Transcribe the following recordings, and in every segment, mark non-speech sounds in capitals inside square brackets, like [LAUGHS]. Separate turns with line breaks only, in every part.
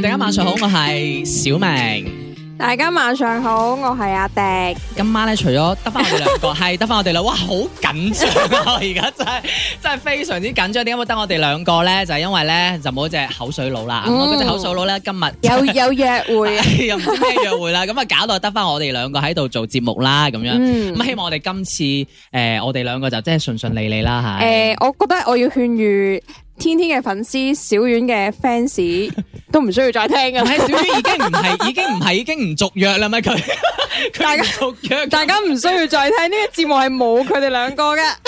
嗯、大家晚上好，我係小明。
大家晚上好，我係阿迪。今晚咧，除咗得翻我哋兩個，係
得翻我哋啦。哇，好緊張啊！我而家真係
真係非常之緊張。點解冇得
我哋兩個咧？就係、是、因為咧，就冇隻口水佬啦。嗯、我啊，隻口水佬咧，今日有有約
會， [LAUGHS] 又
冇咩約會啦。咁啊，搞到得翻我哋兩個喺度做節目啦。咁樣咁，嗯、希望我哋今次誒、呃，我哋兩個就真係順順利利啦。吓，誒、
呃，我覺得我要勸喻。天天嘅粉絲，小丸嘅 fans 都唔需要再聽噶。係 [LAUGHS] [LAUGHS] 小丸已經
唔係，已經唔係，已經唔續約啦咩？佢， [LAUGHS] 大家續約，大家唔需要再聽呢 [LAUGHS] 個節目係冇佢哋兩個嘅，。 [LAUGHS]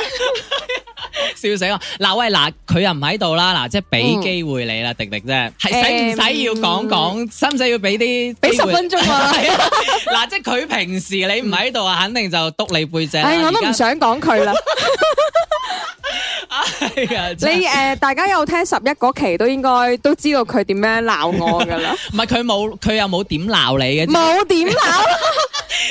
[LAUGHS] 笑死我！嗱、啊、喂，嗱佢又唔喺度啦，嗱即係俾機會你啦，迪迪啫，係使唔使要講講，使唔使要俾
啲？俾十分鐘啊！嗱、
啊，即係佢平時你唔喺度啊，嗯、肯定就督你
背脊。唉，我都唔想講佢啦。 [LAUGHS] 係 [LAUGHS] 啊、哎！你誒、呃，大家有聽十一嗰期，都應該都知道佢點樣鬧我㗎喇。
唔係佢冇，佢又冇點鬧你嘅。冇點鬧，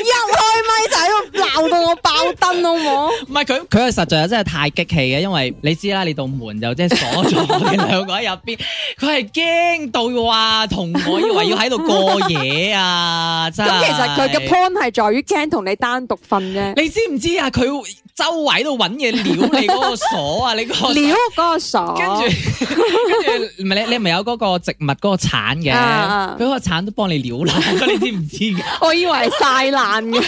一開咪就喺度鬧到我爆燈，好唔好？唔係佢，佢係實在係真係太激氣嘅，因為你知啦，你道門就即係鎖咗，你哋兩個喺入邊，佢係驚到話同我以為要喺度過夜啊！即係 [LAUGHS] 其實佢嘅 point
係在於驚同你單獨瞓啫。 [LAUGHS] 你知唔知啊？佢周圍
度搵嘢撩你個。 [LAUGHS] 鎖啊！你個撩嗰個
鎖，跟住
跟
住，唔係你你咪有嗰個植物嗰個鏟嘅，佢個鏟都幫你撩爛，你知唔知？
我以為晒爛嘅，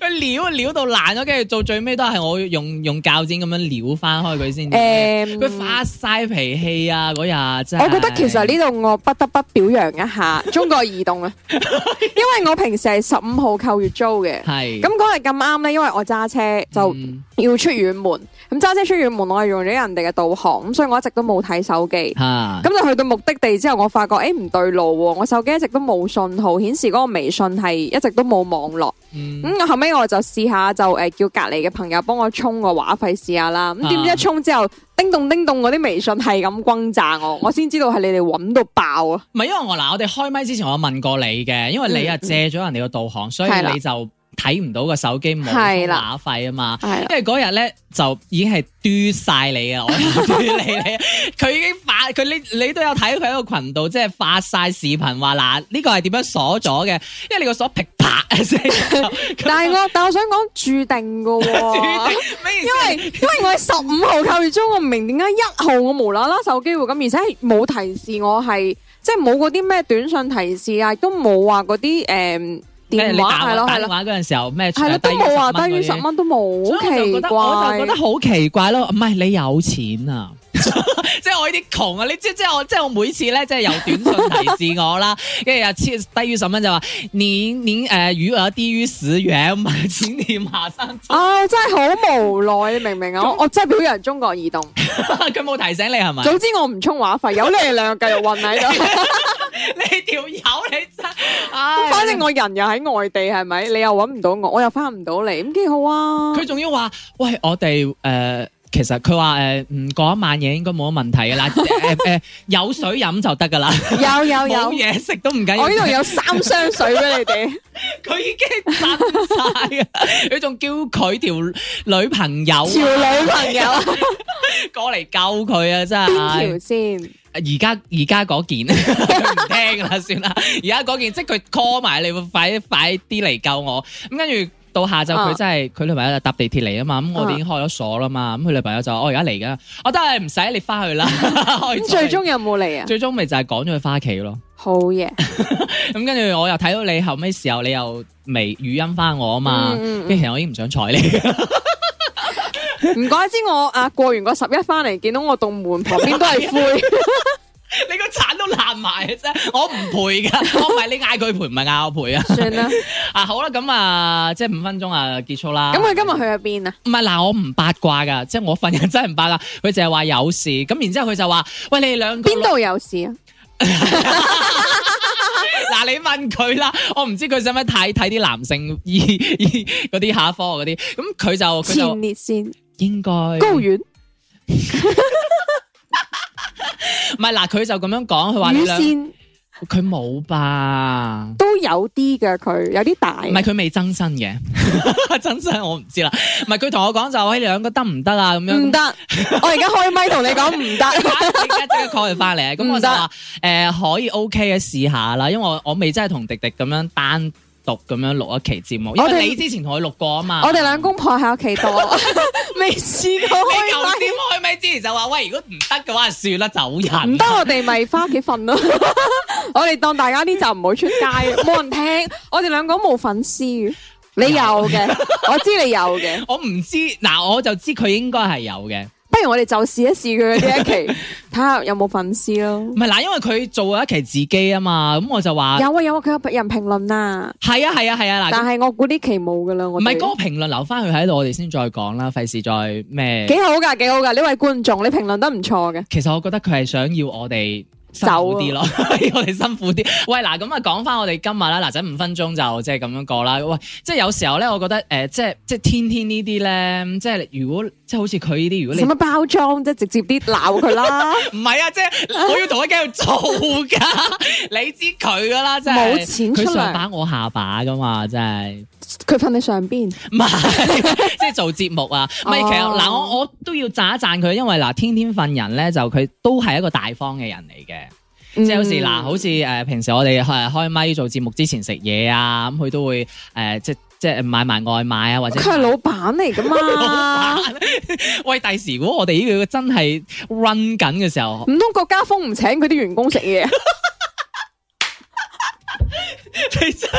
佢撩撩到
爛咗，跟住做最尾都係我用用鉸剪咁樣撩翻開佢先。誒，佢發晒脾氣啊！
嗰日真係，我覺得其實呢度我不得不表揚一下中國移動啊，因為我平時係十五號扣月租嘅，係咁嗰日咁啱咧，因為我揸車就要出遠門。咁揸車出遠門，我係用咗人哋嘅導航，咁所以我一直都冇睇手機。咁、啊、就去到目的地之後，我發覺誒唔、欸、對路喎、啊，我手機一直都冇信號，顯示嗰個微信係一直都冇網絡。咁我、嗯嗯、後尾我就試下就誒、呃、叫隔籬嘅朋友幫我充個話費試下啦。咁點知一充之後叮咚叮咚，我啲微信係咁轟炸我，我先知道係你哋揾到爆
啊！唔係因為我嗱，我哋開麥之前我問過你嘅，因為你啊借咗人哋嘅導航，嗯、所以你就。睇唔到個手機冇話費啊嘛，的因為嗰日咧就已經係嘟晒你啊，我嘟你你，佢 [LAUGHS] [LAUGHS] 已經發佢你你都有睇佢喺個群度，即係發晒視頻話嗱呢個係點樣鎖咗嘅，因為你個鎖噼啪一
聲。 [LAUGHS] 但係我 [LAUGHS] 但我想講注定噶、啊， [LAUGHS] 因為因為我係十五號扣月租，我唔明點解一號我無啦啦手機會咁，而且係冇提示我係即係冇嗰啲咩短信提示啊，都冇話嗰啲誒。你打電
話係咯，係咯，嗰陣時候咩？係咯，都冇話低於十蚊
都冇，所以就覺得我就覺得好
奇怪咯，唔係你有錢啊？ [LAUGHS] 即係我呢啲窮啊！你知係即係我即係我每次咧，即係有短信提示我啦。跟住 [LAUGHS] 又低於十蚊就話，年年誒餘額低於十元，請墊下
生。唉、啊，真係好無奈，明唔明啊？ [LAUGHS] 那我真係表揚中國移動，
佢冇 [LAUGHS] 提醒
你係咪？總之我唔充話費，有 [LAUGHS] [LAUGHS] 你哋兩個繼續混喺度。 [LAUGHS] 你條友你真，唉、哎！反正我人又喺外地，係咪？你又揾唔到我，我又翻唔到嚟，咁幾好啊？佢仲 [LAUGHS] 要話
喂，我哋誒。呃其實佢話誒，嗯，過一晚嘢應該冇乜問題噶啦，誒誒、 [LAUGHS] 呃呃，有水飲就得噶啦， [LAUGHS] 有有有，冇嘢食都唔緊要。我呢度有三箱水俾你哋，佢 [LAUGHS] 已經賺晒啊！佢仲 [LAUGHS] 叫佢條女朋友，條女朋友、啊、 [LAUGHS] 過嚟救佢啊！真係先，而家而家嗰件唔 [LAUGHS] 聽啦，算啦，而家嗰件即係佢 call 埋你，快快啲嚟救我。咁跟住。到下晝佢真係佢女朋友就搭地鐵嚟啊嘛，咁、啊、我哋已經開咗鎖啦嘛，咁佢女朋友就我而家嚟噶，我都係唔使你翻去啦。咁最終
有冇嚟啊？最
終咪就係趕咗佢翻屋企咯。
好嘢！
咁跟住我又睇到你 [LAUGHS] 後尾時候你又未語音翻我啊嘛，跟住其實我已經唔想睬你。
唔 [LAUGHS] 怪之我啊過完個十一翻嚟，見到我棟門旁邊都係灰。是 [LAUGHS]
[LAUGHS] 你個鏟都爛埋啊！真、嗯，我唔賠噶，我唔係你嗌佢賠，唔係嗌我賠啊！算啦，啊好啦，咁啊，即係五分鐘啊，結束啦。咁佢今日去咗邊啊？唔係嗱，我唔八卦噶，即係我份人真係唔八卦。佢淨係話有事，咁然之後佢就話，喂，你哋兩個邊度有事啊？嗱， [LAUGHS] [LAUGHS] 你問佢啦，我唔知佢使唔使睇睇啲男性醫醫嗰啲下科嗰啲，咁佢就，就前列腺應該睾丸院。 [LAUGHS] [LAUGHS] 唔係，嗱佢 [LAUGHS] 就咁樣講，佢話你先佢冇吧，都有啲嘅，佢有啲大，唔係佢未真身嘅，真身我唔知啦。唔係佢同我講就是，你兩個得唔得啊？咁樣唔得行， [LAUGHS] 我而家開咪同你講唔得，而家即刻開翻嚟。咁行我就話，誒行、呃、可以 OK 嘅試下啦，因為我我未真係同迪迪咁樣單。讀咁樣錄一期節目，因為你之前同佢錄過啊嘛。我哋兩
公婆喺屋企度，
未試過開。點開咪之前就話，喂，如果唔得嘅話，就算啦，走人。唔得，
我哋咪翻屋企瞓咯。 [LAUGHS] 我哋當大家呢集唔好出街，冇 [LAUGHS] 人聽。我哋兩個冇粉絲，你有嘅， [LAUGHS] 我知你有
嘅。 [LAUGHS] 我唔知，嗱，我就知佢應該係有嘅。
不如我哋就試一試佢呢一期，睇下 [LAUGHS] 有冇粉絲咯。唔
係嗱，因為佢做咗一期自己
啊嘛，咁我就話有啊有啊，佢有啊，有啊，有人評論啊。係啊係啊係啊，嗱但係我估呢期冇噶啦。我唔係嗰個評論留翻
佢喺度，我哋先再講啦，費事再咩？幾好噶，
幾好噶，呢位觀眾你評論得唔錯嘅。
其實我覺得佢係想要我哋。辛苦啲咯，啊、 [LAUGHS] 我哋辛苦啲。 [LAUGHS] 喂，嗱咁啊，講翻我哋今日啦，嗱，就五分鐘就即係咁樣過啦。喂，即係有時候咧，我覺得誒、呃，即係即係天天呢啲咧，即係如果即係好似佢呢啲，如果你，點乜
包裝即係直接啲鬧佢啦？唔係 [LAUGHS] 啊，
即、就、係、是、我要同佢繼續做噶，
[LAUGHS] 你知佢噶啦，即係冇錢出嚟，佢上把
我下把噶嘛，真係。佢瞓喺上邊，唔係即係做節目啊？ [LAUGHS] 唔係其實嗱、呃，我我都要讚一讚佢，因為嗱、呃，天天瞓人咧，就佢都係一個大方嘅人嚟嘅。
即係有時嗱，好
似誒、呃、平時我哋開開麥做節目之前食嘢啊，咁佢都會誒、呃、即即係買埋外賣啊，或者佢係
老闆嚟噶嘛？ [LAUGHS] 老闆
[LAUGHS] 喂，第時如果我哋呢個真係 run 緊嘅時候，唔
通國家封唔請佢啲員工食嘢？其 [LAUGHS]
真。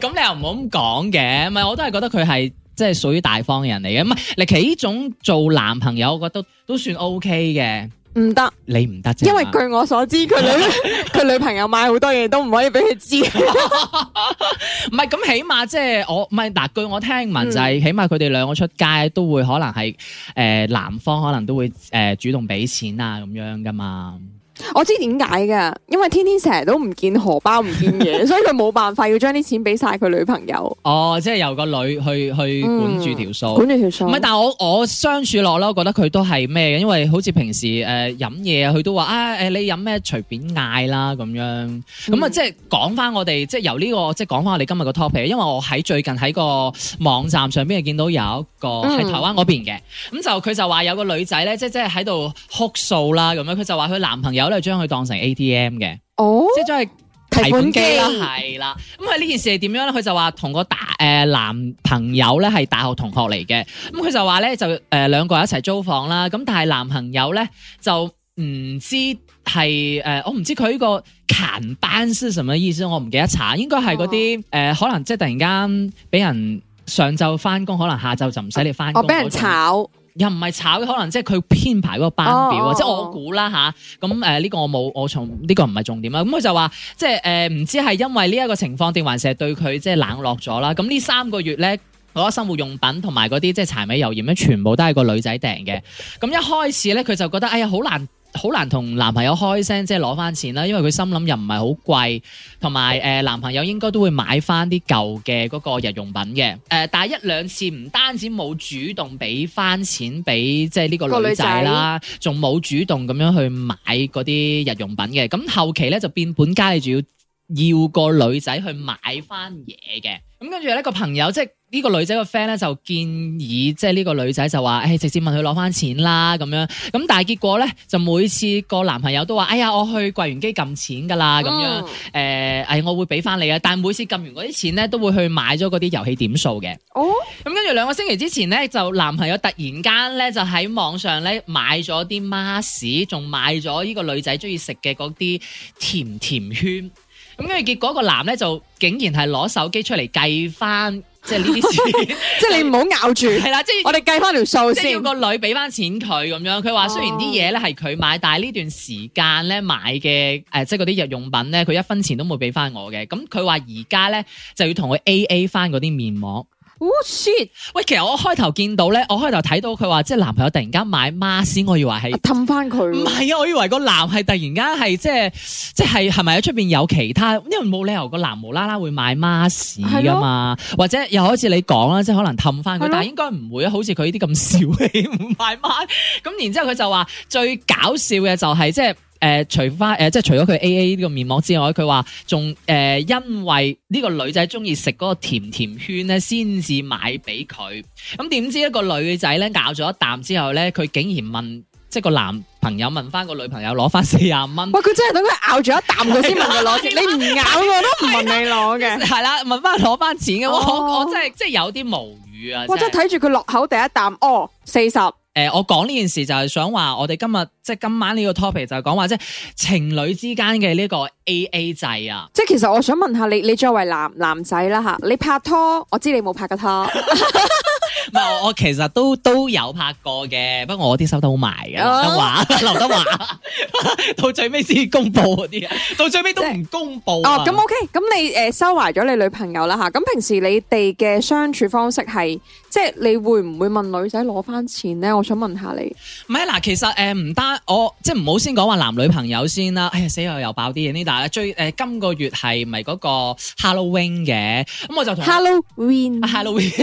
咁 [MUSIC] 你又唔好咁講嘅，唔係我都係覺得佢係即係屬於大方人嚟嘅，唔係，嗱，其呢種做男朋友，我覺得都，都算 O K 嘅。
唔得行，你唔得啫。因為據我所知，佢女佢 [LAUGHS] 女朋友買好多嘢都唔可以俾佢知。
唔 [LAUGHS] 係， [LAUGHS] 咁起碼即係我唔係嗱，據我聽聞就係、是，嗯、起碼佢哋兩個出街都會可能係誒男方可能都會誒、呃、主動俾錢啊咁樣噶嘛。
我知點解噶，因為天天成日都唔見荷包唔見嘢， [LAUGHS] 所以佢冇辦法，要將啲錢俾晒佢女朋友。
哦，即係由個女去去管住條數、嗯，管住條數。唔係，但係我我相處落咧，我覺得佢都係咩嘅，因為好似平時誒飲嘢，佢、呃、都話啊誒你飲咩隨便嗌啦咁樣。咁啊、嗯，即係講翻我哋即係由呢個即係講翻我哋今日個 topic，因為我喺最近喺個網站上邊見到有一個喺、嗯、台灣嗰邊嘅，咁就佢就話有個女仔咧，即係即係喺度哭訴啦咁樣，佢就話佢男朋友。佢就將佢當成 ATM 嘅，哦、即係將係提款機啦，係啦。咁佢呢件事係點樣咧？佢就話同個大誒、呃、男朋友咧係大學同學嚟嘅。咁、嗯、佢就話咧就誒、呃、兩個一齊租房啦。咁但係男朋友咧就唔知係誒、呃、我唔知佢呢個勤班是什麼意思。我唔記得查，應該係嗰啲誒可能即係突然間俾人上晝翻工，可能下晝就唔使你翻工、啊。那個、我俾人炒。又唔係炒，可能即係佢編排嗰個班表，哦哦哦哦啊！即係我估啦吓。咁誒呢個我冇，我從呢、呢個唔係重點啦。咁、嗯、佢就話，即係誒唔知係因為呢一個情況定還是係對佢即係冷落咗啦。咁、嗯、呢三個月咧，好多生活用品同埋嗰啲即係柴米油鹽咧，全部都係個女仔訂嘅。咁、嗯、一開始咧，佢就覺得哎呀好難。好難同男朋友開聲，即係攞翻錢啦，因為佢心諗又唔係好貴，同埋誒男朋友應該都會買翻啲舊嘅嗰個日用品嘅，誒、呃、但係一兩次唔單止冇主動俾翻錢俾即係呢個女仔啦，仲冇主動咁樣去買嗰啲日用品嘅，咁後期咧就變本加厲，仲要。要個女仔去買翻嘢嘅，咁跟住呢個朋友即係呢個女仔個 friend 咧，就建議即係呢個女仔就話，誒、哎、直接問佢攞翻錢啦咁樣，咁但係結果咧就每次個男朋友都話，哎呀我去櫃員機撳錢噶啦咁樣，誒、呃、誒、哎、我會俾翻你啊，但係每次撳完嗰啲錢咧都會去買咗嗰啲遊戲點數嘅。哦，咁跟住兩個星期之前咧就男朋友突然間咧就喺網上咧買咗啲 mask，仲買咗呢個女仔中意食嘅嗰啲甜甜圈。咁跟住，結果個男咧就竟然係攞手機出嚟計翻， [LAUGHS] 即係呢啲
數， [LAUGHS] 即係你唔好咬住，係啦，即係我哋計翻條數先。
即係個女俾翻錢佢咁樣，佢話雖然啲嘢咧係佢買，但係呢段時間咧買嘅誒、呃，即係嗰啲日用品咧，佢一分錢都冇俾翻我嘅。咁佢話而家咧就要同佢 AA 翻嗰啲面膜。哇、oh！shit！喂，其實我開頭見到咧，我開頭睇到佢話，即係男朋友突然間買 mask，我以為係氹返佢。唔係啊，我以為個男係突然間係即係即係係咪喺出邊有其他？因為冇理由個男無啦啦會買 mask 㗎嘛，的或者又好似你講啦，即係可能氹返佢，的但係應該唔會啊，好似佢呢啲咁小氣唔買 mask。咁 [LAUGHS] 然之後佢就話最搞笑嘅就係、是、即係。誒，除翻誒，即係除咗佢 AA 呢個面膜之外，佢話仲誒，因為呢個女仔中意食嗰個甜甜圈咧，先至買俾佢。咁點知一個女仔咧，咬咗一啖之後咧，佢竟然問，即係個男朋友問翻個女朋友攞翻四十
蚊。喂，佢真係等佢咬住一啖佢先問佢攞
錢，的你唔咬我都唔問你攞嘅，係啦，問翻攞翻錢嘅。我、哦、我，我真係即係有啲無語啊！我真係
睇住佢落口第一啖，哦，四十。
誒、呃，我講呢件事就係想話，我哋今日即係今晚呢個 topic 就係講話即係情侶之間嘅呢個 AA 制啊。
即係其實我想問下你，你作為男男仔啦吓，你拍拖，我知你冇拍過拖。
唔係，我其實都都有拍過嘅，不過我啲收得好埋嘅。劉德華，劉德華到最尾先公布嗰啲，到最尾都唔公布、啊。哦，咁 OK，
咁你誒、呃、收埋咗你女朋友啦吓，咁、啊、平時你哋嘅相處方式係？即係你會唔會問女仔攞翻錢咧？我想問下你。
唔係啦，其實誒唔單我，即係唔好先講話男女朋友先啦。哎呀死我又爆啲嘢，呢大係最誒、呃、今個月係咪嗰個 Halloween 嘅？咁我就同 Halloween，Halloween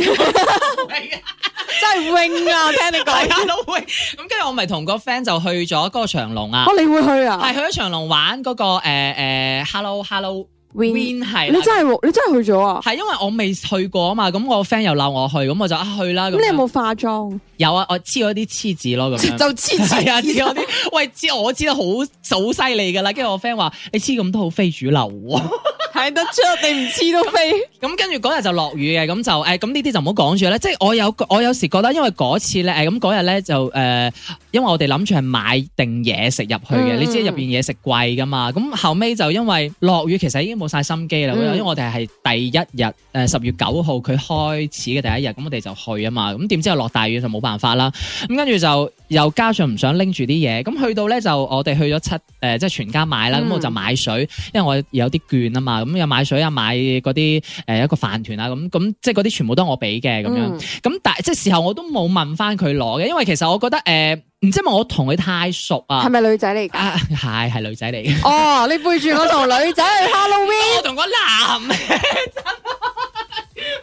真係 wing 啊！我聽你講 Halloween 咁跟住我咪同個 friend 就去咗嗰個長隆啊。哦，你會去啊？係去咗長隆玩嗰、那個誒誒、欸欸、Hello Hello。
係你
真係你真係去咗啊？係因為我未去過啊嘛，咁我 friend 又鬧我去，咁我就啊去啦。咁樣
你有冇化妝？
有啊，我黐咗啲黐紙咯，咁 [LAUGHS] 就黐紙啊黐嗰啲。喂，知我黐得好手犀利噶啦。跟住我 friend 話：你黐咁多好非主流啊，睇得出你唔黐都飛。咁跟住嗰日就落雨嘅，咁就誒，咁呢啲就唔好講住啦。即係我有我有時覺得，因為嗰次咧，誒、哎，咁嗰日咧就誒、呃，因為我哋諗住係買定嘢食入去嘅，嗯、你知入邊嘢食貴噶嘛？咁後尾就因為落雨，其實已經。冇晒心機啦，嗯、因為我哋係第一日，誒、呃、十月九號佢開始嘅第一日，咁我哋就去啊嘛，咁點知又落大雨就冇辦法啦，咁跟住就又加上唔想拎住啲嘢，咁去到咧就我哋去咗七，誒、呃、即係全家買啦，咁我就買水，嗯、因為我有啲券啊嘛，咁又買水又買嗰啲，誒、呃、一個飯糰啊，咁咁即係嗰啲全部都係我俾嘅咁樣，咁、嗯、但即係時候我都冇問翻佢攞嘅，因為其實我覺得誒。呃唔知係咪我同佢太熟啊？係咪女仔嚟噶？係係女仔嚟。哦，
你背住我同女仔去 Halloween。我同 [LAUGHS] 個男。 [LAUGHS]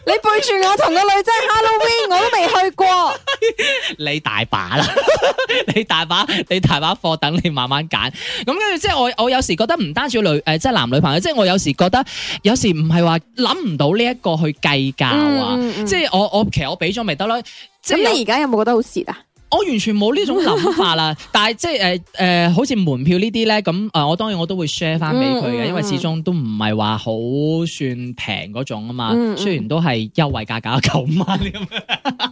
你背住我同個女仔 Halloween，我都未去過。 [LAUGHS]
你大把啦， [LAUGHS] 你大把，你
大把貨等你慢慢揀。咁跟住即係我，我、嗯、有時覺得唔單止女，誒，即係男女朋友，即係我有時覺得有時唔係話諗唔到呢一個去計較啊。即係我我其實我俾咗咪得咯。咁你而家有冇覺得好蝕啊？我完全冇呢種諗法啦， [LAUGHS] 但係即係誒誒，好似門票呢啲咧，咁誒、呃，我當然我都會 share 翻俾佢嘅，因為始終都唔係話好算平嗰種啊嘛，雖然都係優惠價格九蚊咁樣。 [LAUGHS]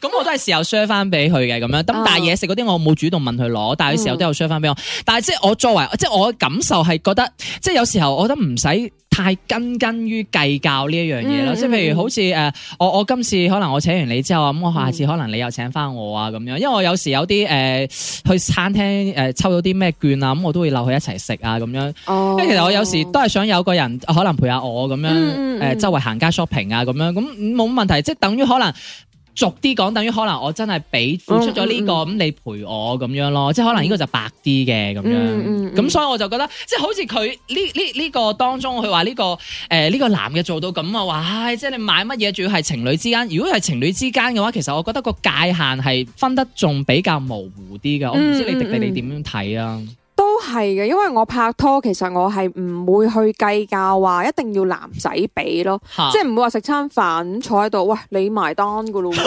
咁 [LAUGHS] 我都係時候 share 翻俾佢嘅咁樣，咁但係嘢食嗰啲我冇主動問佢攞，但係佢時候都有 share 翻俾我。但係即係我作為即係我嘅感受係覺得，即係有時候我覺得唔使太斤斤於計較呢一樣嘢咯。即係譬如好似誒、呃，我我今次可能我請完你之後，咁我下次可能你又請翻我啊咁樣。因為我有時有啲誒、呃、去餐廳誒、呃、抽到啲咩券啊，咁我都會留佢一齊食啊咁樣。即係其實我有時都係想有個人可能陪下我咁樣，誒、嗯呃、周圍行街 shopping 啊咁樣，咁冇問題，即係等於可能。俗啲講，等於可能我真係俾付出咗呢個咁，你陪我咁樣咯，即係可能呢個就白啲嘅咁樣。咁所以我就覺得，即係好似佢呢呢呢個當中，佢話呢個誒呢個男嘅做到咁啊，話唉，即係你買乜嘢，仲要係情侶之間。如果係情侶之間嘅話，其實我覺得個界限係分得仲比較模糊啲嘅。我唔知你哋你點樣睇啊？
都係嘅，因為我拍拖其實我係唔會去計較話一定要男仔俾咯，蛤即係唔會話食餐飯坐喺度，喂你埋單噶咯，係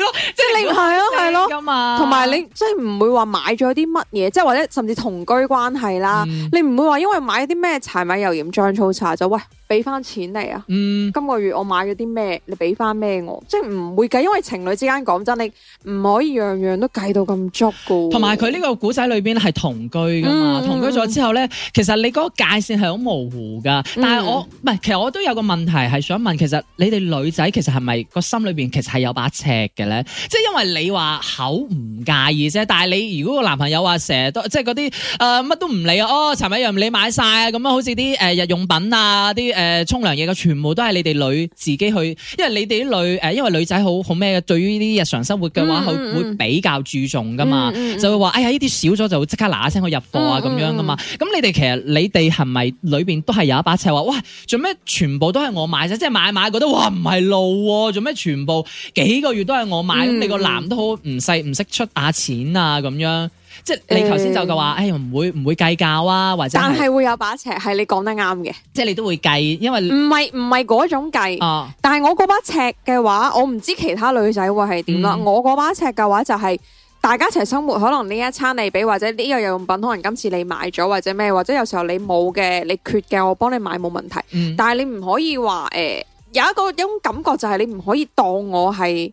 咯， [LAUGHS] 即係你係咯係咯，嘛，同埋你即係唔會話買咗啲乜嘢，即係或者甚至同居關係啦，嗯、你唔會話因為買啲咩柴米油鹽醬醋茶就喂。俾翻錢嚟啊！嗯、今個月我買咗啲咩？你俾翻咩我？即係唔會計，因為情侶之間講真，你唔可以樣樣都計到咁足噶。同埋佢
呢個古仔裏邊係同居噶嘛？嗯、同居咗之後咧，嗯、其實你嗰個界線係好模糊噶。嗯、但係我唔係，其實我都有個問題係想問，其實你哋女仔其實係咪個心裏邊其實係有把尺嘅咧？即係因為你話口唔介意啫，但係你如果個男朋友話成日都即係嗰啲誒乜都唔理啊，哦，尋日又唔理，買晒啊，咁樣，好似啲誒日用品，品啊啲。誒，沖涼嘢嘅全部都係你哋女自己去，因為你哋啲女誒、呃，因為女仔好好咩嘅，對於呢啲日常生活嘅話，佢、嗯、會比較注重噶嘛，嗯嗯、就會話，哎呀呢啲少咗就會即刻嗱嗱聲去入貨啊咁、嗯嗯、樣噶嘛。咁你哋其實你哋係咪裏邊都係有一把尺話，哇，做咩全部都係我買啫？即係買買覺得哇唔係路喎，做咩全部幾個月都係我買？咁、嗯、你個男都好唔細唔識出下錢啊咁樣。即
係你頭先就嘅話，欸、
哎呀唔會唔會計較啊，或者但係
會有把尺，係你講得啱嘅。即係你都會計，因為唔係唔係嗰種計、哦、但係我嗰把尺嘅話，我唔知其他女仔會係點啦。嗯、我嗰把尺嘅話就係、是、大家一齊生活，可能呢一餐你俾，或者呢個用品可能今次你買咗，或者咩，或者有時候你冇嘅，你缺嘅我幫你買冇問題。嗯、但係你唔可以話誒、呃，有一個種感覺就係你唔可以當我係。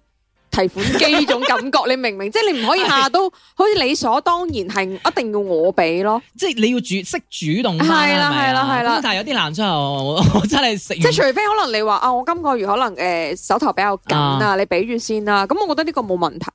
提款機依種感覺，你明唔明？即係你唔可以下下都好似理所當然，係一定要我俾咯。即係你要主識主動啦，係咪啊？係喇，係喇，係喇。咁但係有啲
難出口，我真係
成即係除非可能你話啊，我今個月可能誒手頭比較緊啊，你俾住先啦。咁我覺得呢個冇問題，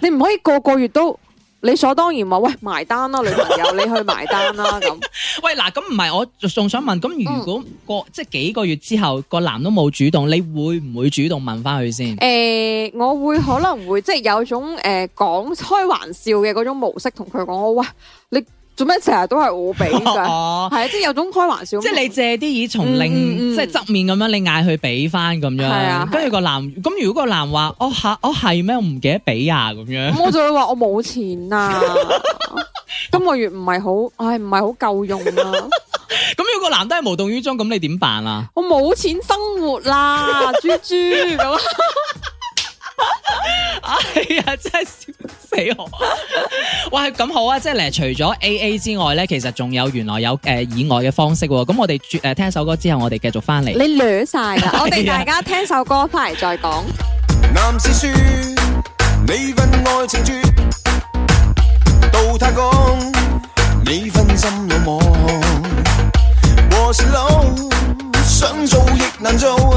你唔可以個個月都。理所當然嘛，喂，埋單啦，女朋友， [LAUGHS] 你去埋單啦咁。
[LAUGHS] 喂，嗱，咁唔係，我仲想問，咁如果個、嗯、即係幾個月之後個男都冇主動，你會唔會主動問返佢先？
誒、欸，我會可能會即係、就是、有種誒講、呃、開玩笑嘅嗰種模式同佢講，我話你。做咩成日都係我俾嘅？係啊，即係有種開玩笑。即係你借
啲耳從另即係側面咁樣，你嗌佢俾翻咁樣。係啊，跟住個男，咁如果個男話哦，吓我係咩？我唔記得俾啊咁樣。我就
會話我冇錢啊，今個月唔係好，唉唔係好夠用啊。咁如果個男都係無
動於衷，咁你點辦啊？
我冇錢生活啦，豬豬咁。 [LAUGHS] 哎呀，真係笑死我！喂， [LAUGHS]
咁好啊，即係嚟除咗 A A 之外咧，其實仲有原來有誒、呃、以外嘅方式喎、啊。咁我哋絕誒聽首歌之後，我哋繼續翻嚟。你
捋晒啦！ [LAUGHS] 我哋大家聽首歌翻嚟 [LAUGHS] 再講。
男士說：你份愛情注到他講，你分心有望，和事佬想做亦難做。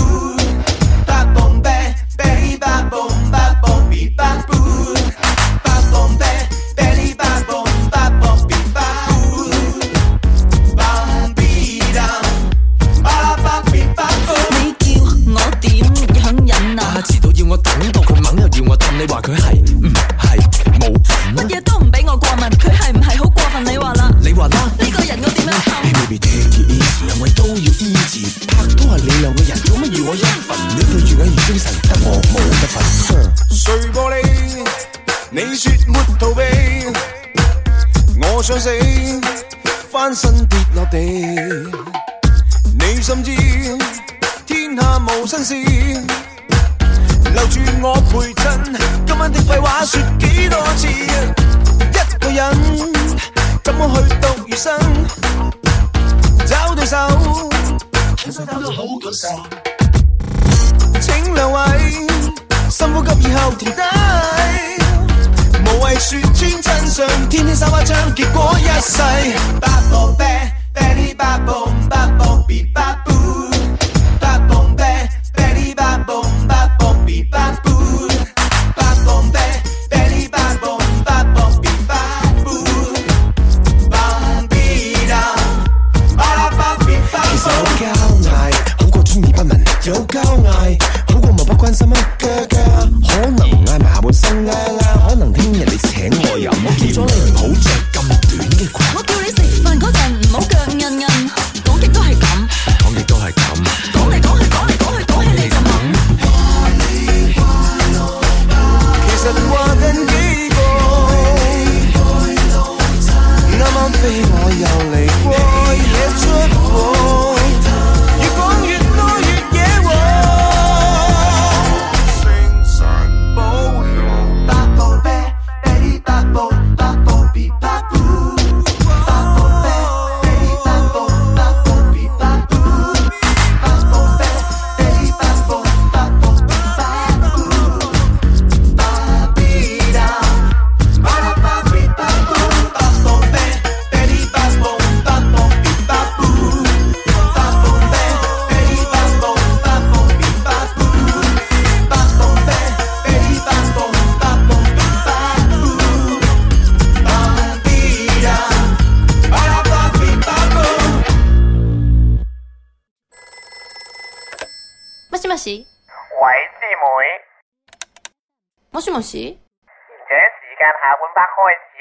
我說冇事，唔準
時間下半 part 開始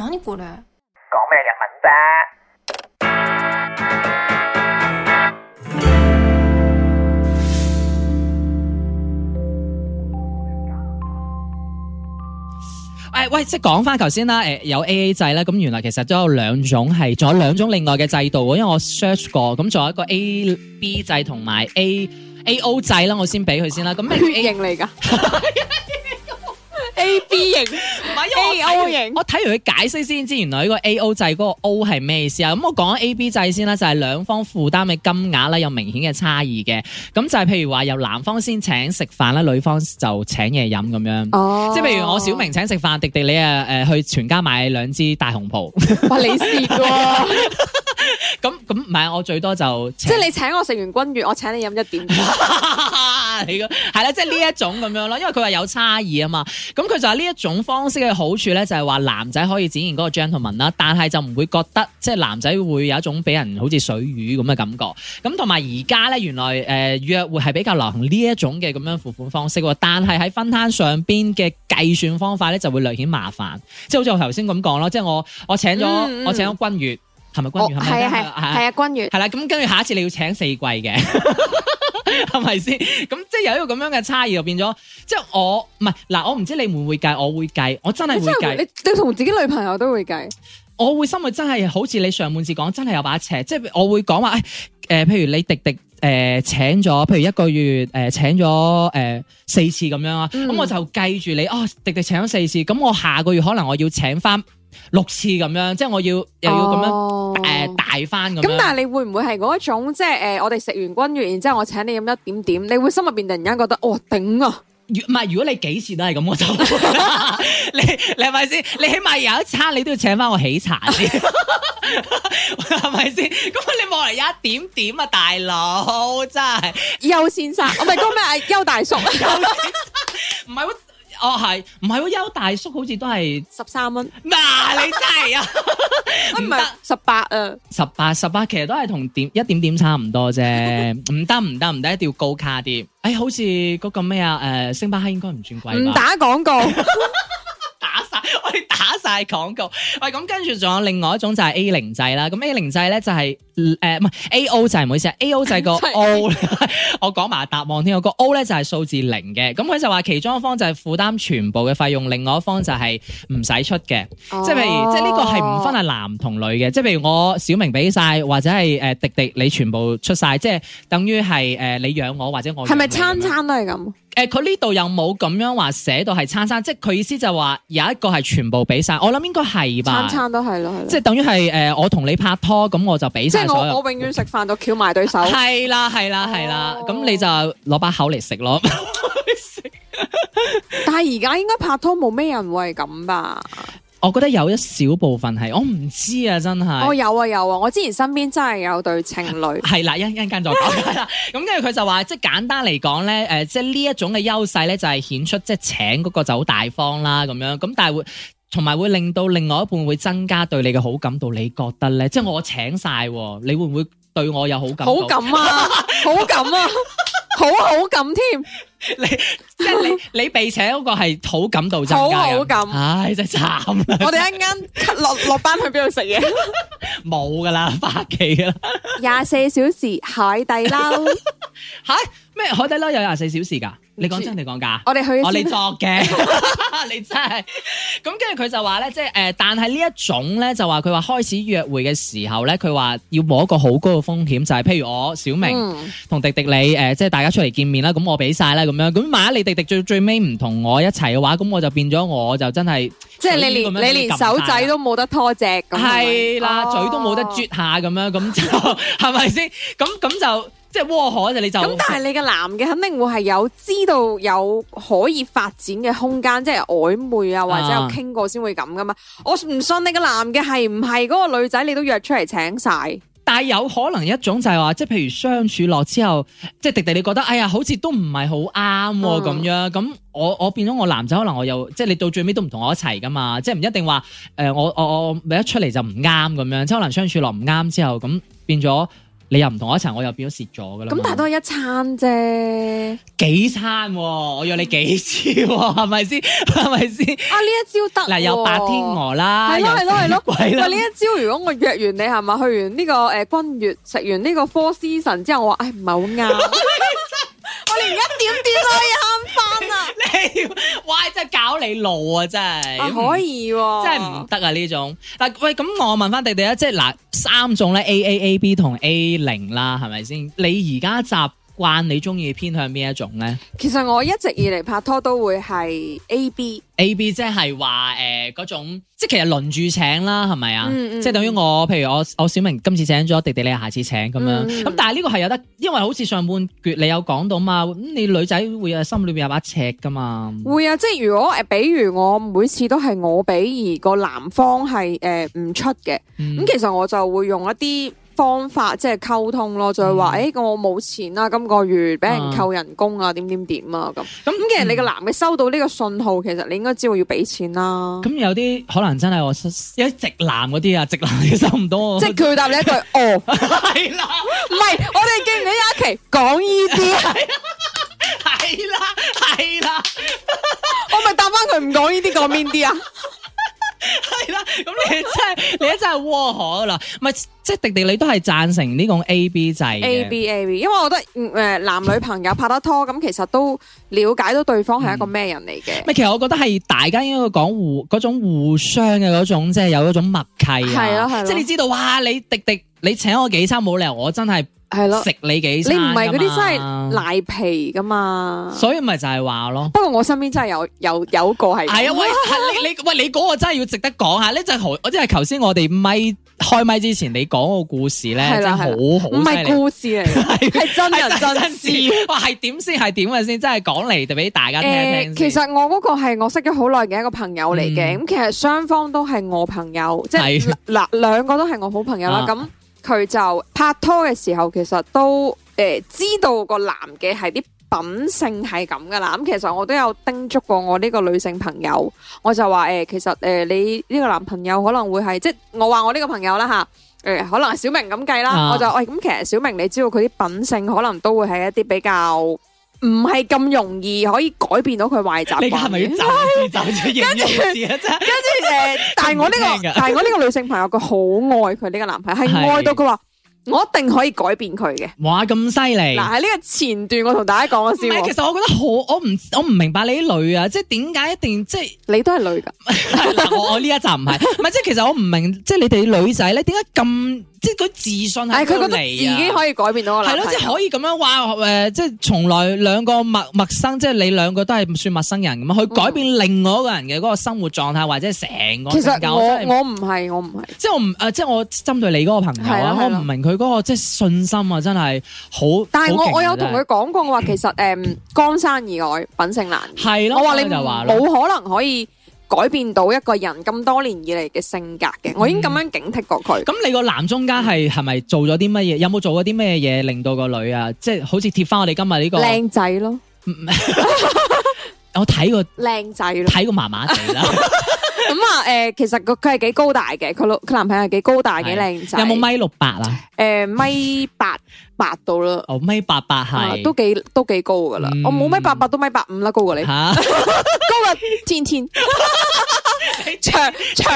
啦。
咩嚟麼？
講咩日文
啫？誒喂，即講翻頭先啦。誒、呃、有 A A 制啦，咁原來其實都有兩種係，仲有兩種另外嘅制度喎。因為我 search 過，咁仲有一個 A B 制同埋 A。A O 仔啦，我先俾佢先啦。咁咩血型嚟㗎 [LAUGHS] ？A、O、A B 型。A, O, O 型，我睇完佢解釋先知，原來呢個 A O 制嗰個 O 係咩意思啊？咁、嗯、我講 A B 制先啦，就係、是、兩方負擔嘅金額咧有明顯嘅差異嘅。咁就係譬如話由男方先請食飯啦，女方就請嘢飲咁樣。哦，即係譬如我小明請食飯，迪迪你啊，誒、呃、去全家買兩支大紅袍。哇，你試過、啊？咁咁唔係，我最多就
即係你請我食完君悅，我請你飲一點，點。 [LAUGHS] 你個係啦，即係呢一種咁樣咯，因為佢話有差
異啊嘛。咁佢就係呢一種方式嘅好處咧，就係話男仔可以展現嗰個 gentleman 啦，但係就唔會覺得即係男仔會有一種俾人好似水魚咁嘅感覺。咁同埋而家咧，原來誒、呃、約會係比較流行呢一種嘅咁樣付款方式喎，但係喺分攤上邊嘅計算方法咧就會略顯麻煩。即係好似我頭先咁講咯，即係我我請咗、嗯嗯、我請咗君悅係咪君悅係、哦、啊係係啊，啊，啊，啊，啊，啊君悅係啦，咁、啊、跟住下一次你要請四季嘅。 [LAUGHS] 係咪先？咁即係有一個咁樣嘅差異，就變咗即係我唔係嗱，我唔知你會唔會計，我會計，我真係會計。
你同自己女朋友都會計，我
會心裏真係好似你上半次講，真係有把尺，即係我會講話誒，譬如你迪迪誒請咗，譬如一個月誒、呃、請咗誒、呃、四次咁樣啊，咁、嗯、我就計住你哦，迪迪請咗四次，咁我下個月可能我要請翻。六次咁樣，即係我要又要咁樣誒大翻咁。咁、oh. 呃、但係你
會唔會係嗰一種即係誒、呃，我哋食完君悅然之後，我請你飲一點點，你會心入邊突然間覺得哦頂啊！唔係如，如果你幾時都係咁，我就
[LAUGHS] 你係咪先？你起碼有一餐你都要請翻我起茶先，係咪先？咁你望嚟有一點點啊，大佬真係
邱先生， [LAUGHS] 我咪講咩啊？邱大叔，唔係我。
哦係，唔係喎，邱大叔好似都係十三蚊，嗱、啊、你真係啊，唔 [LAUGHS] 得，唔係十八啊，十八十八其實都係同點一點點差唔多啫，唔得唔得唔得，一定要高卡啲，哎好似嗰個咩啊，誒、呃、星巴克應該唔算貴，唔打廣告。 [LAUGHS] 大廣告，喂，咁跟住仲有另外一種就係 A 零制啦。咁 A 零制咧就係誒唔係 A O 制，唔、呃就係、好意思，A O 制個 O， [LAUGHS] [LAUGHS] 我講埋答案添，個 O 咧就係數字零嘅。咁佢就話其中一方就係負擔全部嘅費用，另外一方就係唔使出嘅、哦。即係譬如，即係呢個係唔分係男同女嘅。即係譬如我小明俾晒，或者係誒迪迪你全部出晒，即係等
於係誒、呃、你
養我或者我。係咪餐
餐都係咁？
誒，佢呢度又冇咁樣話寫到係餐餐，即係佢意思就話有一個係全部俾晒，我諗應該係吧。餐餐
都係咯，即係
等於係誒，呃、 [LAUGHS] 我同你拍拖，咁我就俾晒即係我，所有我永
遠食飯都翹埋對手。係啦係啦係啦，咁、哦、你
就攞把口嚟食咯。
[LAUGHS] 但係而家應該拍拖冇咩人會係咁吧。
我覺得有一小部分係，我唔知啊，真係。我、哦、有
啊有啊，我之前身邊真係有對情侶。係啦， [LAUGHS] 一陣間再講啦。
咁跟住佢就話，即係簡單嚟講咧，誒、呃，即係呢一種嘅優勢咧，就係顯出即係請嗰個就好大方啦，咁樣。咁但係會同埋會令到另外一半會增加對你嘅好感度。你覺得咧？即係我請晒、啊，你會唔會對我有好感？好感啊，
好感啊！好好感添， [LAUGHS] 你
即係你你被請嗰個係好感到就驚，好好感，唉、哎、真慘啦！ [LAUGHS] [LAUGHS] 我哋一陣間落落班去邊度食嘢，冇噶啦，返屋企噶啦，
廿 [LAUGHS] 四小時海底撈，
吓。 [LAUGHS] 咩海底撈有廿四小時噶？你講真定講假？我哋去，我哋作嘅。你真係的咁，跟住佢就話咧，即係誒，但係呢一種咧，就話佢話開始約會嘅時候咧，佢話要冇一個好高嘅風險，就係、是、譬如我小明同迪迪你誒，即、呃、係大家出嚟見面啦，咁我俾晒啦，咁樣咁萬一你迪迪最最尾唔同我一齊嘅話，咁我就變咗我就真係。
即係你連樣你連手仔都冇得拖只，係
啦，的啊、嘴都冇得啜下咁樣，咁係咪先？咁咁 [LAUGHS] 就即係禍可就你就咁。但係
你個男嘅肯定會係有知道有可以發展嘅空間，即係曖昧啊，或者有傾過先會咁噶嘛？啊、我唔信你個男嘅係唔係嗰個女仔，你都約出嚟請晒。
但係有可能一種就係話，即係譬如相處落之後，即係迪迪，你覺得，哎呀，好似都唔係好啱咁樣。咁我我變咗我男仔，可能我又即係你到最尾都唔同我一齊噶嘛，即係唔一定話誒、呃、我我我一出嚟就唔啱咁樣，即可能相處落唔啱之後，咁變咗。你又唔同我一層，我又變咗蝕咗噶啦。咁但
都多一餐啫，
幾餐喎、啊？我約你幾次喎？係咪
先？係咪
先？啊，呢一招得嗱、啊，有白天鵝啦，係咯係咯係咯，喂，呢一招？如果我約完你係咪去完呢、這個誒君、呃、月食完呢個科 o u 之後，我唉，唔係好啱。
[LAUGHS] [LAUGHS] 我連一點點都可以慳
翻啊！你， [LAUGHS] [LAUGHS] 哇！真係搞你路啊！真係、啊，可以，真係唔得啊！呢、啊、種，嗱喂，咁我問翻弟弟啊，即係嗱三種咧，A A A B 同 A 零啦，係咪先？你而家集。慣你中意偏向邊一種咧？
其實我一直以嚟拍拖都會係 A B
[LAUGHS] A B，即係話誒嗰種，即係其實輪住請啦，係咪啊？嗯嗯、即係等於我，譬如我我小明今次請咗，迪迪你下次請咁樣。咁、嗯嗯、但係呢個係有得，因為好似上半撅你有講到嘛，咁你女仔會有心裏面有把尺噶嘛？
會啊，即係如果誒、呃，比如我每次都係我俾，而個男方係誒唔出嘅，咁、嗯、其實我就會用一啲。方法即係溝通咯，就係話誒，我冇錢啦，今個月俾人扣人工啊，點點點啊咁。咁其實你個男嘅收到呢個信號，其實你應該知道要俾錢啦。咁有啲
可能真係我有啲直男嗰啲啊，直
男佢收唔到。即係佢答你一句哦，係啦，唔係我哋記唔起有一期講呢啲啊，係
啦，係啦，我咪答翻佢唔講呢啲個邊啲啊，係啦，咁你真係你真係
窩火啦，咪。即係迪迪，你都係贊成呢種 A B 制 A B
A B，因為我覺得誒，男女朋友拍得拖咁，其實都了解到對方係一個咩人嚟嘅。其
實我覺得係大家應該講互嗰種互相嘅嗰種，即係有一種默契，係啊，即係你
知道哇，你迪迪
你請我幾餐，冇理由我真係係咯食你幾餐。你唔係嗰啲真係
賴皮噶嘛？所
以咪就係話咯。不
過我身邊真係有有有一個係係啊，喂，你
你喂你嗰個真係要值得講下。呢隻頭我即係頭先我哋咪。開麥之前，你講個故事咧，的真係好好，唔係的故
事嚟，嘅，係真人真事。哇， [LAUGHS]
係點先？係點嘅先？真係講嚟，就俾大家聽聽。誒、欸，其
實我嗰個係我識咗好耐嘅一個朋友嚟嘅，咁、嗯、其實雙方都係我朋友，的即係嗱，兩個都係我好朋友啦。咁佢的就拍拖嘅時候，其實都誒、呃、知道個男嘅係啲。品性係咁噶啦，咁其實我都有叮囑過我呢個女性朋友，我就話誒、欸，其實誒、欸、你呢個男朋友可能會係，即係我話我呢個朋友啦吓，誒、欸、可能小明咁計啦，啊、我就喂咁、欸、其實小明你知道佢啲品性可能都會係一啲比較唔係咁容易可以改變到佢壞習慣，係咪走
跟住，跟住誒，呃、
但係我呢、這個但係我呢個女性朋友佢好愛佢呢個男朋友，係愛到佢話。我一定可以改變佢嘅，哇咁犀利！嗱喺呢個前段，我同大家講咗先。唔係，其實
我覺得好，我唔我唔明白你啲女啊，即係點解一定即係你都係女噶？我我呢一集唔係，唔係即係其實我唔明，即係你哋女仔咧，點解咁即係佢自信係佢嚟啊？覺得自己可以
改變到我係咯，即係可以
咁樣話誒，即係從來兩個陌陌生，即係你兩個都係算陌生人咁啊？去改變另外一個人嘅嗰個生活狀態，或者成個其實我我
唔係我唔係，即係我
唔誒，即係我針對你嗰個朋友啊，我唔明佢。嗰個即係信心啊，真係好。但係我我有同佢
講過我話，其實誒，江山易改，品性難改。係咯，我話你冇可能可以改變到一個人咁多年以嚟嘅性格嘅。我已經咁樣警
惕過佢。咁你個男中間係係咪做咗啲乜嘢？有冇做過啲咩嘢令到個女啊？即係好似貼翻我哋今日呢個靚仔咯。我睇過
靚仔咯，睇過麻麻地啦。咁啊，誒、嗯，其實個佢係幾高大嘅，佢老，佢男朋友係幾高大幾靚仔，是有冇米六八啊？誒、嗯，米八八到囉，
哦、oh，米八八係，都幾
都幾高噶啦，嗯、我冇米八八，都米八五啦，高過你，吓，高過天天。 [LAUGHS] 長長，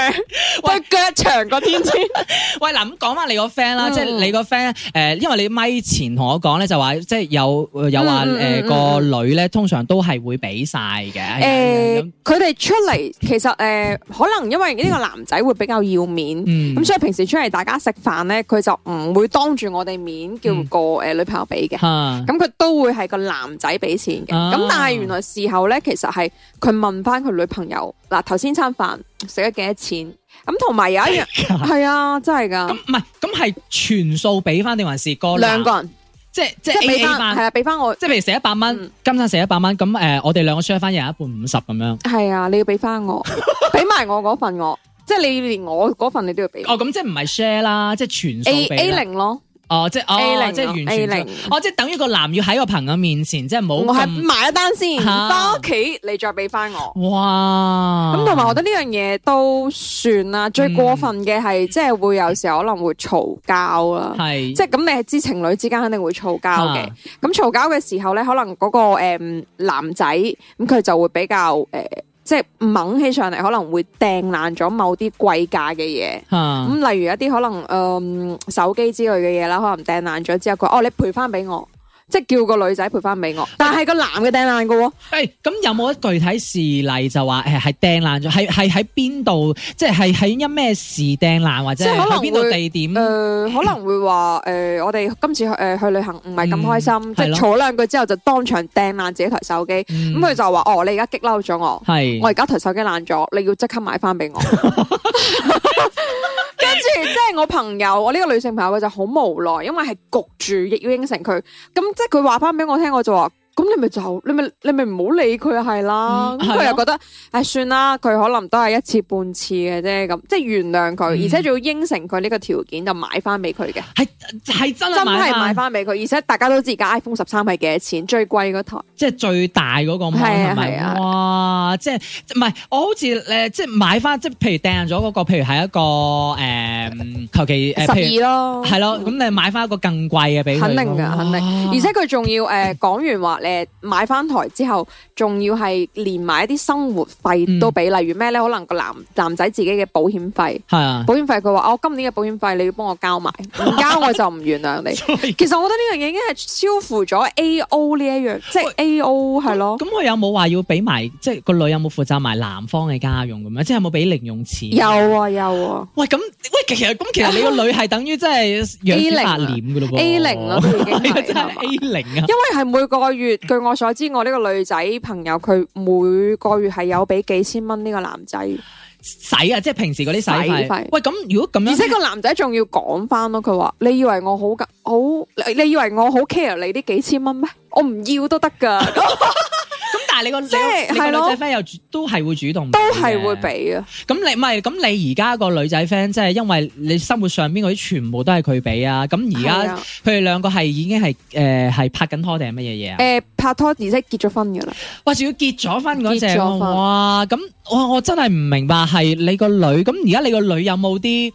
喂，腳長過天
之 [LAUGHS] 喂，嗱，咁講翻你個 friend 啦，即係、嗯、你個 friend 誒，因為你咪前同我講咧，就話即係有有話誒、呃嗯、個女咧，通常都係會俾晒嘅。誒，
佢哋出嚟其實誒、呃，可能因為呢個男仔會比較要面，咁、嗯、所以平時出嚟大家食飯咧，佢就唔會當住我哋面叫個誒女朋友俾嘅。咁佢、嗯嗯嗯、都會係個男仔俾錢嘅。咁但係原來事後咧，其實係佢問翻佢女朋友。嗱，頭先餐飯食咗幾多錢？咁同埋有一樣係的啊，真係噶。咁唔係，
咁係、嗯嗯、全數俾翻定還是個兩個人？
即係即係 A A 係啊，
俾翻我。即係譬如食一百蚊，今餐、嗯、食一百蚊。咁誒，我哋兩個 share 翻又一半五十咁樣。
係啊，你要俾翻我，俾埋 [LAUGHS] 我嗰份我。即係你連我嗰份你都要俾。 [LAUGHS] 哦，咁即係唔係 share 啦，即係全數 A A 零咯。哦，即係 A 零，即係完全，哦，即係等於
個男要喺個朋友面前，即係冇。我係買一單先，翻屋企
你再俾翻我。哇！咁同埋我覺得呢樣嘢都算啦，最過分嘅係、嗯、即係會有時候可能會嘈交啦。係，即係咁你係知情侶之間肯定會嘈交嘅。咁嘈交嘅時候咧，可能嗰個誒男仔咁佢就會比較誒。呃即係掹起上嚟，可能會掟爛咗某啲貴價嘅嘢，咁、嗯、例如一啲可能誒、呃、手機之類嘅嘢啦，可能掟爛咗之後，佢哦，你賠翻俾我。即係叫個女仔賠翻俾我，但係個男嘅掟爛嘅
喎。咁、欸、有冇一具體事例就話誒係掟爛咗，係係喺邊度？即係係因咩事掟爛或者即可能邊度地
點？誒、呃，可能會話誒、呃，我哋今次誒去、呃、去旅行唔係咁開心，嗯、即係坐兩句之後就當場掟爛自己台手機。咁佢、嗯嗯、就話：哦，你而家激嬲咗我，是我而家台手機爛咗，你要即刻買翻俾我。 [LAUGHS] [LAUGHS] [LAUGHS] 跟住即係我朋友，我呢個女性朋友佢就好無奈，因為係焗住亦要應承佢咁。即係佢話翻俾我聽，我就話。咁你咪就你咪你咪唔好理佢係啦，咁佢又覺得誒算啦，佢可能都係一次半次嘅啫，咁即係原諒佢，而且仲要應承佢呢個條件就買翻俾佢嘅，係係真真係買翻俾佢，而且大家都知而家 iPhone 十三係幾多錢，最貴嗰台，
即係最大嗰個 model 係啊係啊，哇！即係唔係我好似誒即係買翻即係譬如掟咗嗰個，譬如係一個誒求其十二咯，係咯，咁你買翻一個更貴嘅俾佢，肯定噶肯定，而且
佢仲要誒講完話。誒，買翻台之後，仲要係連埋一啲生活費都俾，嗯、例如咩咧？可能個男男仔自己嘅保險費係啊，保險費，保險費佢話我今年嘅保險費你要幫我交埋，唔交我就唔原諒你。 [LAUGHS] 所以 其實我覺得呢樣嘢已經係超乎咗 A O 呢一樣，即係 A O 係咯。咁我有冇話要俾埋，即係個女有冇負
責埋男方嘅家用咁樣？即係有冇俾零用錢？
有啊，有啊。喂，咁喂，其實
咁其，其實你個女係等於即係 A 零阿臉 a 零咯，啊啊、已經
係 [LAUGHS] [LAUGHS] 真係 A 零啊。因為係每個月。據我所知，我呢個女仔朋友佢每個月係有俾幾千蚊呢個男仔
使啊，即係平時嗰啲使。洗費費。
喂，咁如果咁樣，而且個男仔仲要講翻咯，佢話你以為我好好？你以為我好 care 你啲幾千蚊咩？我唔要都得噶。 [LAUGHS] [LAUGHS] 即係，係咯，女仔 friend 又都
係會主動，都係會俾啊。咁你唔係咁你而家個女仔 friend，即係因為你生活上邊嗰啲全部都係佢俾啊。咁而家佢哋兩個係已經係誒係拍緊拖定係乜嘢嘢啊？誒，
拍拖而即係結咗婚噶啦。哇，仲要結咗婚嗰隻哇，
咁我我真係唔明白，係你個女咁而家你個女有冇啲？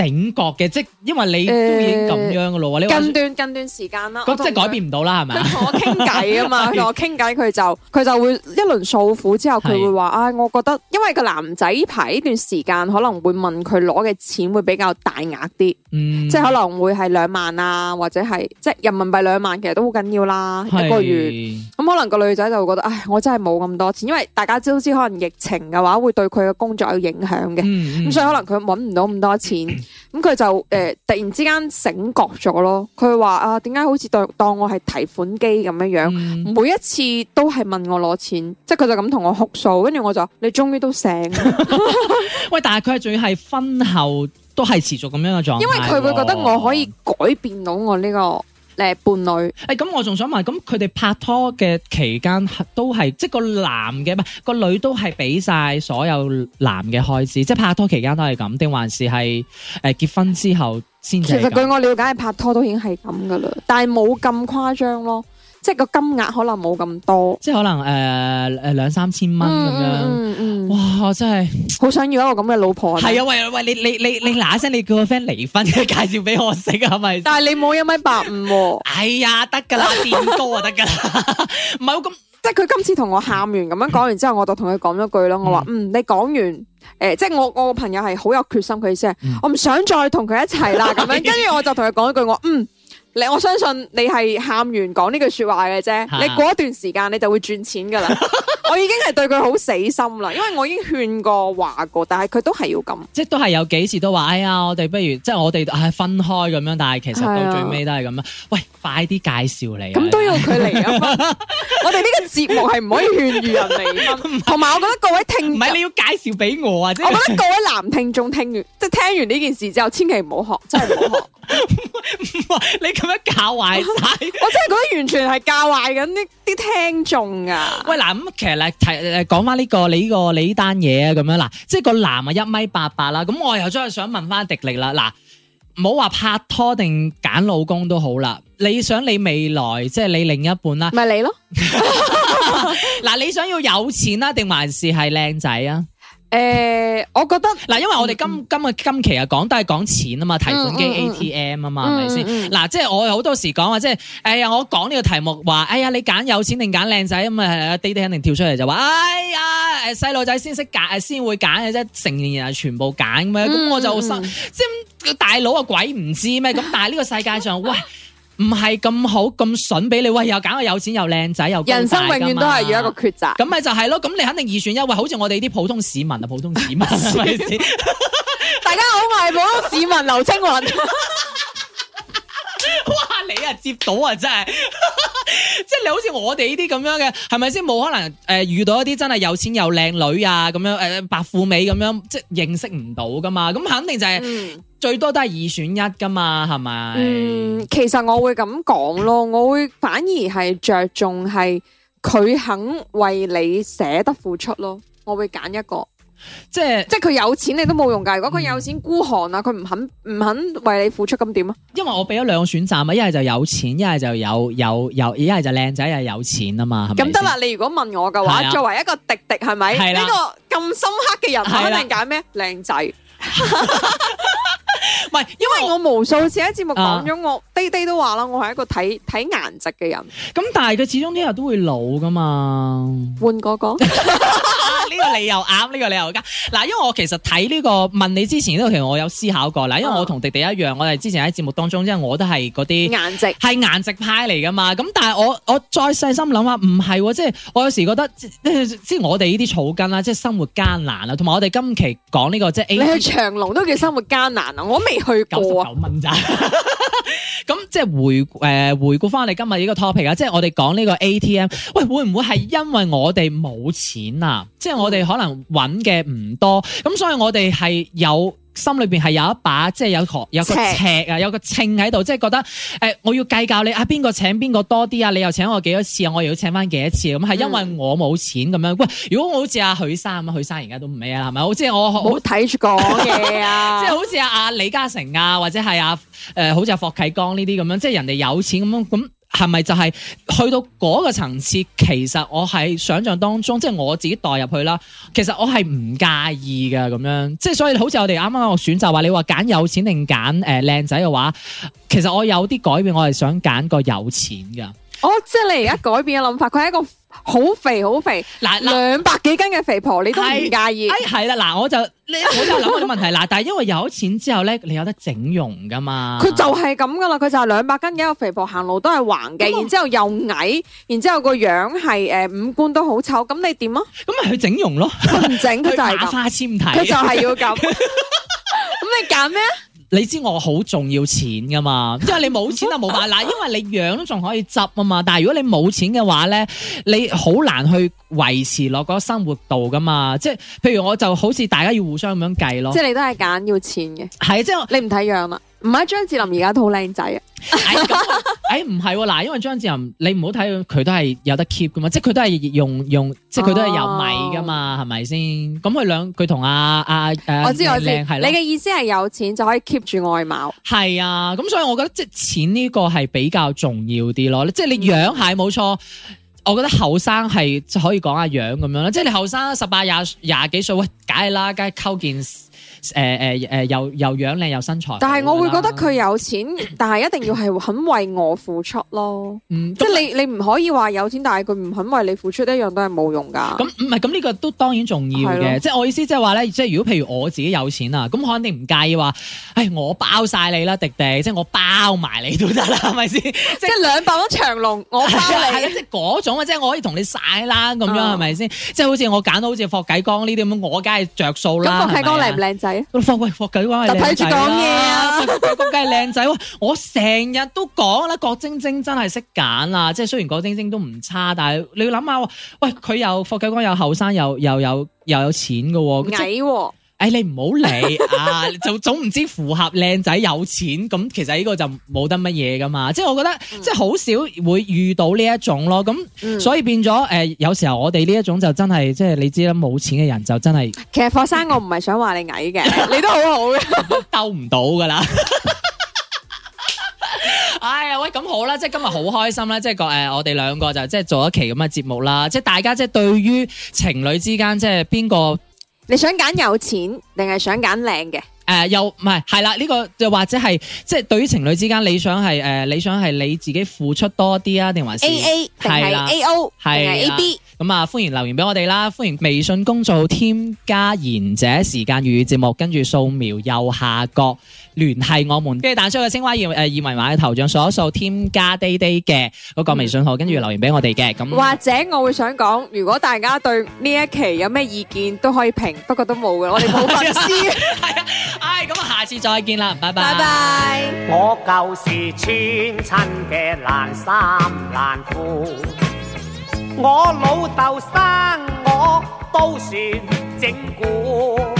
整覺嘅，即因為你都已經咁樣噶咯，你近段
近段時間啦，即係改變唔到啦，係咪？同我傾偈啊嘛，同我傾偈，佢就佢就會一輪訴苦之後，佢會話：，唉，我覺得因為個男仔排呢段時間可能會問佢攞嘅錢會比較大額啲，即係可能會係兩萬啊，或者係即係人民幣兩萬，其實都好緊要啦，一個月咁可能個女仔就會覺得：，唉，我真係冇咁多錢，因為大家知唔知可能疫情嘅話會對佢嘅工作有影響嘅，咁所以可能佢搵唔到咁多錢。咁佢、嗯、就誒、呃、突然之間醒覺咗咯，佢話啊，點解好似當當我係提款機咁樣樣，嗯、每一次都係問我攞錢，即係佢就咁同我哭訴，跟住我就你終於都醒，
[LAUGHS] [LAUGHS] 喂，但係佢係仲要係婚後都係持續咁樣嘅狀態，因為佢會覺得我可
以改變到我呢、呢個。誒，伴侶，誒、欸，咁我
仲想問，咁佢哋拍拖嘅期間都係，即係個男嘅唔係個女都係俾晒所有男嘅開支，即係拍拖期間都係咁，定還是係誒、欸，結婚之後先至？其實據我
了解，拍拖都已經係咁噶啦，但係冇咁誇張咯。即係個金額可能冇咁多，即係可能誒誒兩三千蚊咁樣，嗯嗯、哇我真係好想要一個咁嘅老婆。係嗎啊，喂
喂，你你你你嗱一聲，你叫個 friend 離婚，介紹俾我識係咪？是是
但係你冇一米八五、哦，哎呀得噶啦，點
高啊得噶啦，
唔係咁，即係佢今次同我喊完咁樣講完之後，我就同佢講咗句咯，嗯、我話嗯，你講完誒、呃，即係我我個朋友係好有決心佢意思係，嗯、我唔想再同佢一齊啦，咁樣，跟住是的 我就同佢講一句，我嗯。我相信你係喊完講呢句說話嘅啫，啊、你過一段時間你就會賺錢噶啦。 [LAUGHS] 我已經係對佢好死心啦，因為我已經勸過話過，但係佢都係要咁。
即係都係有幾次都話，哎呀，我哋不如即係我哋係、哎、分開咁樣，但係其實到最尾都係咁樣。啊、喂，快啲介紹你、啊，咁
都要佢嚟啊。我哋呢個節目係唔可以勸喻人離婚，同埋我覺得各位聽唔係你要介紹俾我啊！就是、我覺得各位男聽眾聽完即係、就是、聽完呢件事之後，千祈唔好學，真係唔好
學。你。 [LAUGHS] [LAUGHS] [LAUGHS] 咁樣教壞晒，我真係覺得完
全係教壞緊啲啲聽眾啊！喂，嗱咁，其實咧提講翻呢個你呢個你呢單嘢啊，咁樣嗱，即係個男啊一米八八啦，咁我又真係想問翻迪力啦，嗱，唔好話拍拖定揀老公都好啦，你想你未來即係你另一半啦，咪你咯？嗱，你想要有錢啦，定還是係靚仔啊？誒、欸，我覺得嗱，因為我哋今今個、嗯、今期啊，講都係講錢啊嘛，提款機 ATM 啊嘛，係咪先？嗱，即係我好多時講話，即係誒呀，我講呢個題目話，哎呀，你揀有錢定揀靚仔咁啊？弟弟肯定跳出嚟就話，嗯嗯、哎呀，誒細路仔先識揀，誒先會揀嘅啫，成年人全部揀咩？咁、嗯嗯、我就心，即係大佬啊鬼唔知咩？咁但係呢個世界上，喂。 [LAUGHS] 唔係咁好咁筍俾你，喂！又揀個有錢又靚仔又高大嘅嘛。人生永遠都係要一個抉擇。咁咪就係咯，咁你肯定二選一。喂，好似我哋啲普通市民啊，普通市民，大家好，我係普通市民， [LAUGHS] 劉青雲。哇！ [LAUGHS] 你啊，接到啊，真係， [LAUGHS] 即係你好似我哋呢啲咁樣嘅，係咪先？冇可能誒、呃、遇到一啲真係有錢又靚女啊咁樣誒、呃、白富美咁樣，即係認識唔到噶嘛？咁肯定就係、是。嗯最多都係二選一噶嘛，係咪？嗯，
其實我會咁講咯，我會反而係着重係佢肯為你捨得付出咯，我會揀一個，即係是即係佢有錢你都冇用噶。如果佢有錢孤寒啊，佢唔肯唔肯為你付出咁點啊？
因為我俾咗兩個選擇啊，一係就有錢，一係就有有有，一係就靚仔又有錢啊嘛，係咪？咁得
啦。你如果問我嘅話，呀作為一個滴滴係咪呢個咁深刻嘅人，啦肯定揀咩？靚仔。唔係， [LAUGHS] 因為我無數次喺節目講咗，啊，我啲啲都話啦，我係一個睇睇顏值嘅人。
咁但係佢始終啲人都會老㗎嘛，換哥哥。 [LAUGHS] 呢個理由啱，呢個理由啱。嗱，因為我其實睇呢個問你之前呢個，其實我有思考過。嗱，因為我同迪迪一樣，我哋之前喺節目當中，因為我都係嗰啲顏值係顏值派嚟噶嘛。咁但係我我再細心諗下，唔係、哦，即係我有時覺得，即係我哋呢啲草根啦，即係生活艱難啦，同埋我哋今期講呢個即係，你去長
隆都叫生活艱難啊？我未去過九十九蚊咋？
咁 [LAUGHS] [LAUGHS] 即係回誒、呃、回顧翻你今日呢個 topic 啊，即係我哋講呢個 ATM，喂，會唔會係因為我哋冇錢啊？即係我哋可能揾嘅唔多，咁所以我哋係有心裏邊係有一把，即係有學有個尺啊，有個稱喺度，即係覺得誒、呃，我要計較你啊，邊個請邊個多啲啊，你又請我幾多次啊，我又要請翻幾多次，咁係因為我冇錢咁樣。喂，如果我好似阿許生咁，許生而家都唔咩啊，係咪？即係我好睇住講嘢啊，即係好似阿阿李嘉誠啊，或者係阿誒，好似阿霍啟剛呢啲咁樣，即係人哋有錢咁樣咁。係咪就係、是、去到嗰個層次？其實我喺想象當中，即係我自己代入去啦。其實我係唔介意嘅，咁樣，即係所以好似我哋啱啱我選擇話，你話揀有錢定揀誒靚仔嘅話，其實我有啲改變，我係想揀個有錢噶。哦
，oh, 即係你而家改變嘅諗法，佢係 [LAUGHS] 一個。.好肥好肥，嗱兩百幾斤嘅肥婆，是你都唔介意？誒係啦，嗱我就，
我就諗個問題啦。 [LAUGHS] 但係因為有錢之後咧，你有得整容噶嘛？佢就
係咁噶啦，佢就係兩百斤嘅一個肥婆，行路都係橫嘅，喇喇然之後又矮，然之後個樣係誒五官都好醜，咁你點啊？咁
咪去整容咯？佢唔整佢就係花千體，佢就係要咁。咁
[LAUGHS] 你揀咩啊？
你知我好重要錢噶嘛？因為你冇錢就冇辦法，因為你樣都仲可以執啊嘛。但係如果你冇錢嘅話咧，你好難去維持落嗰生活度噶嘛。即係譬如我就好似大家要互相咁樣計咯。即係你
都係揀要錢嘅，係即係你唔睇樣嘛。唔係張智霖而家都好
靚仔啊！誒，唔係嗱，因為張智霖你唔好睇佢都係有得 keep 噶嘛，即係佢都係用用，用 oh. 即係佢都係有米噶嘛，係咪先？咁佢兩佢同阿阿誒，我知我知，你嘅
意思係有錢就可以 keep 住外貌？係啊，咁所
以我覺得即係錢呢個係比較重要啲咯。即係你樣係冇錯，我覺得後生係可以講下樣咁樣啦。即係你後生十八廿廿幾歲，喂，梗係啦，梗係溝件事。誒誒誒，又又樣靚又身材。但係我會覺得
佢有錢， [COUGHS] 但係一定要係肯為我付出咯。即係、嗯、你、嗯、你唔可以話有錢，但係佢唔肯為你付出，一樣都係冇用噶。咁唔係咁呢個都當然重要嘅，即係
我意思即係話咧，即係如果譬如我自己有錢啊，咁我肯定唔介意話，誒我包晒你啦，迪迪，即係我包埋你都得啦，係咪先？即係兩百蚊長隆我包你，即係嗰種即係我可以同你晒啦咁樣，係咪先？即係好似我揀到好似霍啟剛呢啲咁，我梗係着數啦。咁霍啟剛靚唔靚
仔？ [COUGHS] 吧我話喂，霍繼光，就睇住講嘢啊！講嘢啊
[LAUGHS] 霍繼光梗係靚仔喎，我成日都講啦，郭晶晶真係識揀啦，即係雖然郭晶晶都唔差，但係你要諗下，喂，佢又霍繼光又後生又又有又有，有，有，有，有錢嘅矮、啊。誒、哎，你唔好理啊，就 [LAUGHS] 總唔知符合靚仔有錢咁，其實呢個就冇得乜嘢噶嘛，即係、嗯、我覺得即係好少會遇到呢一種咯，咁、嗯、所以變咗誒，有時候我哋呢一種就真係即係你知啦，冇錢嘅
人就真係。其實霍生，我唔係想話你矮嘅， [LAUGHS] 你都好好嘅，鬥唔到噶啦。 [LAUGHS] 哎呀，喂，咁好啦，即係今日好開心啦，即係個誒，
我哋兩個就即係做一期咁嘅節目啦，即、就、係、是、大家即係對於情侶之間即係邊個。就是
你想揀有錢定係想揀靚嘅？
誒、呃，又唔係，係啦，呢個又或者係，即、就、係、是、對於情侶之間，你想係誒、呃，你想係你自己付出多啲啊，定還是 A A，定係啦 A O，定係 A B，咁啊，歡迎留言俾我哋啦，歡迎微信公眾號添加賢者時間粵語節目，跟住掃描右下角。聯繫我們，跟住彈出個青蛙二誒二維碼嘅頭像掃一掃，添加滴滴嘅嗰個微信號，跟住留言俾我哋嘅咁。或
者我會想講，如果大家對呢一期有咩意見，都可以評，不過都冇嘅， [LAUGHS] 我哋冇粉絲。係
啊，唉，咁啊，下次再見啦，拜拜 bye bye。拜拜。我舊時穿親嘅爛衫爛褲，我老豆生我都算整蠱。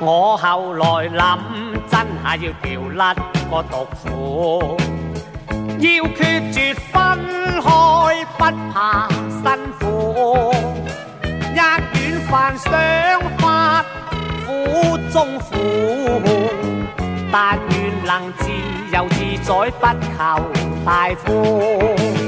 我後來諗，真係要掉甩個毒婦，要決絕分開不怕辛苦，一碗飯想法苦中苦，但願能自由自在不求大富。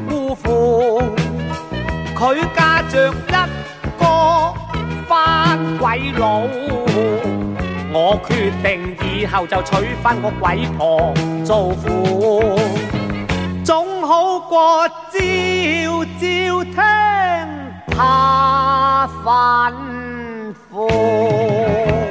佢家着一個翻鬼佬，我決定以後就娶翻個鬼婆做夫，總好過朝朝聽怕吩咐。